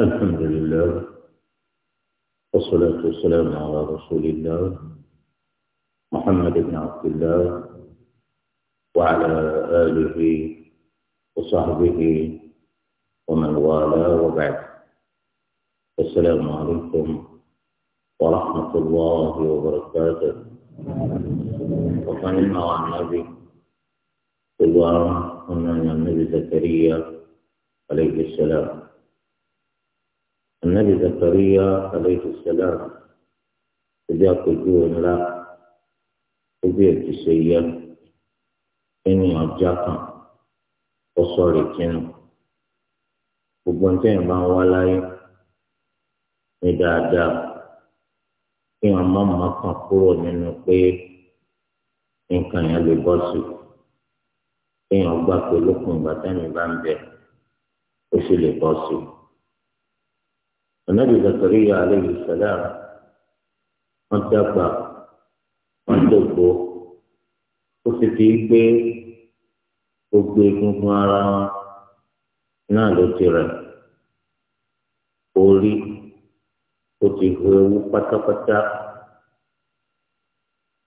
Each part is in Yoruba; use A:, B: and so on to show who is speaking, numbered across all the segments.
A: الحمد لله والصلاة والسلام على رسول الله محمد بن عبد الله وعلى آله وصحبه ومن والاه وبعد السلام عليكم ورحمة الله وبركاته وفنما عن النبي الله أن النبي زكريا عليه السلام النبي زكريا عليه السلام إذا كجوه لا إذا تسيا إني أرجعك وصاري كنو gbogbo ń tẹ̀yìn bá ń wá láyé ní dáadáa kí wọn má má kàn kúrò nínú pé nǹkan yẹn lè bọ́ sí kí wọn gbà pé lókun ìgbà tẹ́mi bá ń bẹ̀ ó sì lè bọ́ sí i ànábì Zakariya alayhi salam wọ́n dàgbà wọ́n dògbò ó sì fi gbé gbogbo egungun ara wọn náà ló ti rẹ̀ orí ó ti hu ewu pátápátá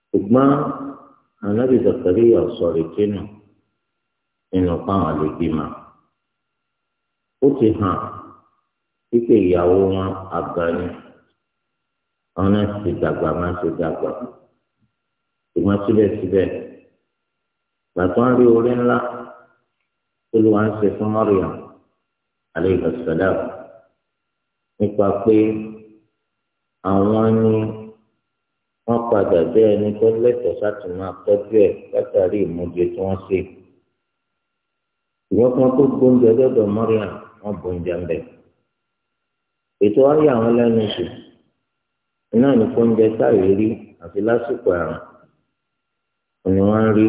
A: ṣùgbọ́n ànábì Zakariya ọ̀sọ̀rẹ̀ kínú nínú pàwọn àlejò máa ó ti hàn wípé ìyàwó wọn àgànnì àwọn náà ti dàgbà máa ti dàgbà ṣùgbọ́n síbẹ̀síbẹ̀ gbàtọ́ ń rí orí ńlá olùwà ń ṣe fún mọ́rìyàn àlejò sọ̀dá nípa pé àwọn ni wọ́n padà jẹ́ ẹni tó lẹ́tọ̀ọ́ láti máa tọ́jú ẹ̀ látàrí ìmúdé tí wọ́n ṣe ìwọ́n kan tó gbóúnjẹ lọ́dọ̀ mọ́rìyàn wọ́n gbóúnjẹ ń bẹ̀rẹ̀. ètò ayé àwọn lẹ́nu jù iná nìkan oúnjẹ táyé rí àfi lásìkò òní ń rí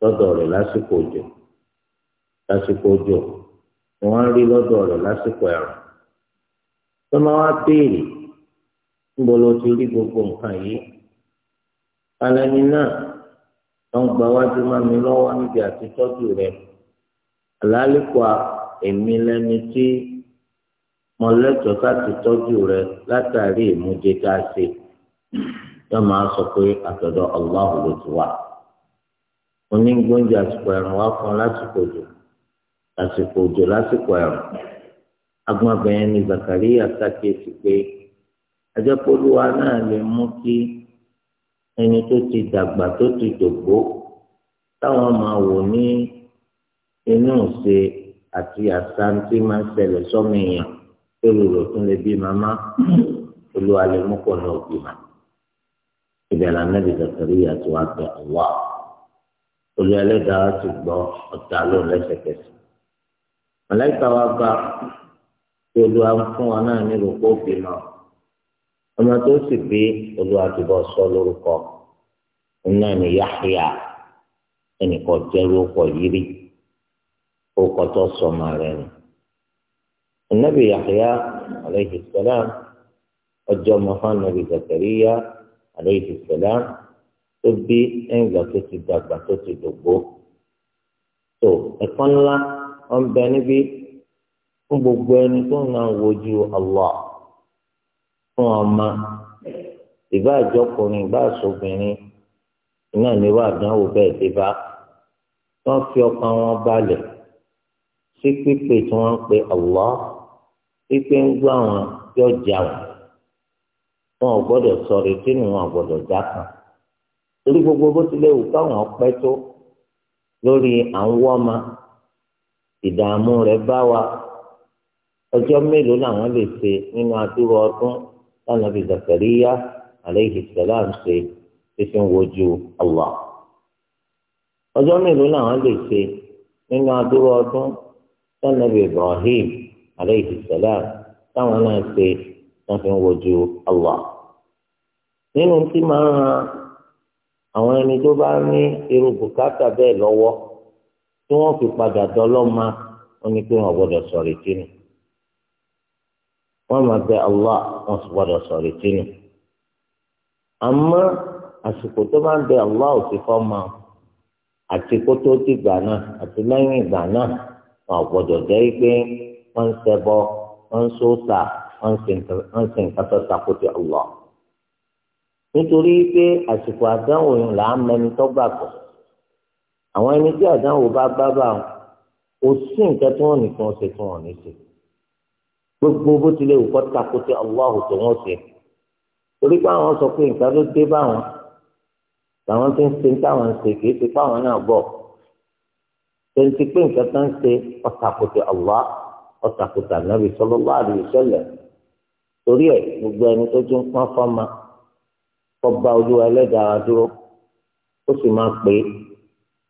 A: lọ́dọ̀ rẹ̀ lásìkò òjò lásìkò òjò ni ń rí lọ́dọ̀ lásìkò ẹ̀rùn tó wá béèrè níbo ti rí gbogbo nǹkan yìí alẹ́ni náà ń gba wájú má mi lọ́wọ́ níbi èmi lẹ́ni mo lẹ́tọ̀ọ́ láti tọ́jú rẹ látàrí ìmúdé tá a ṣe yóò máa sọ pé àtọ̀dọ̀ Allahu ló ti wà onígbóúnjẹ àsìkò ẹ̀rùn wá fún lásìkò òjò àsìkò òjò lásìkò ẹ̀rùn agbọ̀nbẹ̀yẹn ni Zakaria ṣàkíyèsí pé ajẹ́pọ̀lúwa náà lè mú kí ẹni tó ti dàgbà tó ti dògbó táwọn máa wò ní inú ṣe àti àṣà tí máa ń èèyàn. olùrò tún lè bí màmá olùwà lè mú kọ náà bí mà ibẹ̀ là nàbì Zakariya tó wà bẹ ọwọ́ ti gbọ́ ọ̀tá ló lẹ́sẹ̀kẹsẹ̀ mọ̀lẹ́kà wa bá tí fún wa náà ní ìròpó bí mà ọmọ tó sì bí olùwà ti bọ̀ sọ lórúkọ iná ni Yahya ẹnìkan sọ ọmọ rẹ̀ nù. النبي يحيى عليه السلام ọjọ́ ọmọ fún anabi zakariya aleyhi salam tó bí ẹ̀ǹgbà tó ti dàgbà tó ti dògbó. tó ẹ̀kọ́ ńlá wọn bẹ níbí fún gbogbo ẹni tó ń náà wojú allah fún ọmọ ìbá àjọkùnrin ìbá àṣọbìnrin iná ní wàá dánwò bẹ́ẹ̀ dé bá wọ́n fi ọkàn wọn balẹ̀ sí pípé tí wọ́n ń pe Allah pípé ń gbọ́ àwọn yóò já wọn wọn ò gbọ́dọ̀ sọ̀rọ̀ tí nù wọn ò gbọ́dọ̀ já kan torí gbogbo bó tilẹ̀ wù káwọn ọpẹ́ tó lórí à ń ìdààmú rẹ̀ bá wa ọjọ́ mélòó làwọn lè ṣe nínú adúrò ọdún lánàbí Zakariya aleyhi salam ṣe fífi ń wojú Allah ọjọ́ mélòó làwọn lè ṣe nínú adúrò ọdún sanabi ibrahim aleyhi salam táwọn náà ṣe wọn fi ń wojú allah nínú tí máa àwọn ẹni tó bá ní irú bùkátà bẹ́ẹ̀ lọ́wọ́ tí wọ́n fi padà dọ́lọ́mà wọn ni pé wọn gbọ́dọ̀ sọ̀rọ̀ wọn máa bẹ allah wọn sì gbọ́dọ̀ sọ̀rọ̀ àmọ́ àsìkò tó ń bẹ allah ò fọ́ náà àti lẹ́yìn ìgbà wọn gbọ́dọ̀ jẹ́ pé wọ́n ń ṣẹbọ wọ́n ń sóòtà ń sin nǹkan tó Allah nítorí pé àsìkò àdánwò yìí là á mẹni tó gbàgbọ́ àwọn ẹni tí àdánwò bá bá bá wọn kò sí nǹkan tí wọ́n nìkan ṣe tí wọ́n ní gbogbo bó tilẹ̀ wù kọ́ takòtì Allah tó wọ́n ṣe torí pé àwọn sọ pé nǹkan ló dé báwọn làwọn ti ń ṣe táwọn ṣe kì í ṣe fáwọn náà bọ̀ tẹ̀sí pé nǹkan kan ṣe ọ̀tàkùtà Allah ọ̀tàkùtà nàbì sallallahu alaihi wasallam torí ẹ̀ gbogbo ẹni tó tún pọ́n fọ́mà kọba olúwa ẹlẹ́dàá dúró ó sì máa pè é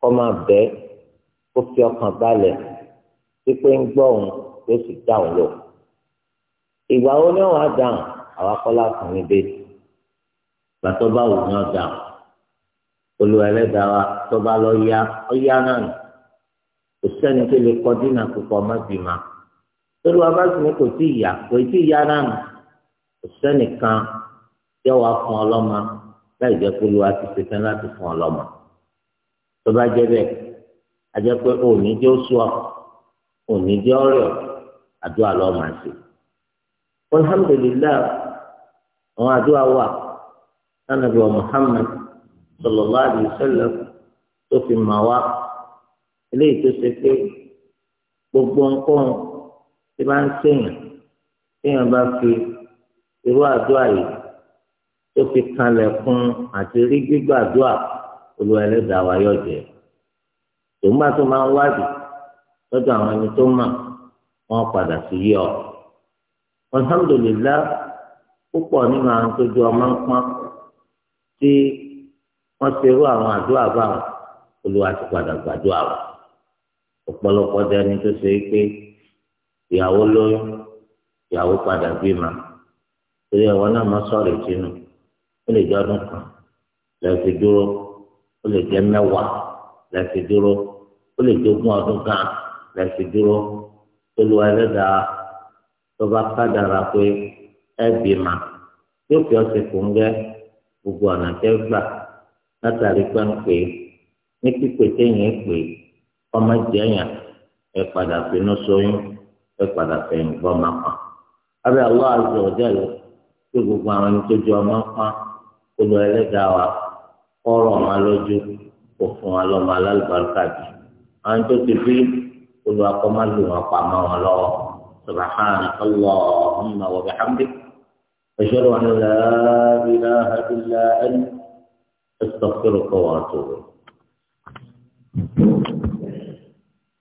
A: kọ́ máa bẹ́ ó fi ọkàn balẹ̀ pípé ń gbọ́ òun yóò sì dá òun lò ìgbà wo ni wọn á dáhùn àwọn akọ́lá fún mi dé tó bá wù wọn dáhùn olúwa ẹlẹ́dàá wa tó bá lọ yá ọ yá náà nù kò sẹ́ni tó lè kọ dínà kókò ọmọ bìmá torí wa bá sì ní kò tí ì yá kò tí ì yá náà kò sẹ́ni kan yẹ wá fún ọlọ́mọ láì jẹ́ pé olúwa ti ṣetán láti fún ọlọ́mọ tó bá jẹ́ bẹ́ẹ̀ a pé òní jẹ́ oṣù ọ òní jẹ́ ọ̀rẹ́ ọ àdúrà lọ́ọ́ alhamdulilayi àwọn àdúrà wà lánàá bí wa Muhammad sallallahu alaihi tó fi mà wá eléyìí tó ṣe pé gbogbo nǹkan tí bá ń sèyàn téèyàn bá fi irú àdúrà yìí tó fi kanlẹ̀ fún àti rí gbígbàdúrà olú ẹlẹ́dàá wa yọ̀ jẹ́ tòmúgbà tó máa ń wádìí lọ́dọ̀ àwọn ẹni tó mọ̀ wọ́n padà sí yí ọ. alhamdulillah púpọ̀ nínú àwọn tó ju ọmọ ń pọ́n tí wọ́n ṣerú àwọn àdúrà báwọn olùwà ti padà gbàdúrà wọn. ọ̀pọ̀lọpọ̀ dání tó ṣe pé ìyàwó lóyún ìyàwó padà bímọ torí ẹ̀wọ̀n náà má sọ̀rọ̀ ìtinú ó lè jẹ́ ọdún kan lẹ́ẹ̀fi dúró ó lè jẹ́ mẹ́wàá lẹ́ẹ̀fi dúró ó lè jẹ́ ọdún kan lẹ́ẹ̀fi dúró ẹlẹ́dàá tó bá kádàrà pé ẹ bímọ yóò fi ọ̀sẹ̀ fún gẹ́ gbogbo ọ̀nà látàrí pẹ́ńpẹ́ ní ọmọ jẹyàn ẹ padà pinnu sóyún ẹ padà fẹ̀yìn gbọ́ máa pa abẹ́ Allah azza wa jalla pé gbogbo àwọn ẹni tó ju ọmọ pa olú ẹlẹ́dàá wa ọ̀rọ̀ ọmọ lójú kò fún wa lọ́mọ alálùbáríkà jù àwọn tó ti bí olú akọ́mọ́lù wọn pa mọ́ wọn lọ́wọ́ subhanaka Allahumma wa bihamdik ashhadu an la ilaha illa anta astaghfiruka wa atubu ilayk.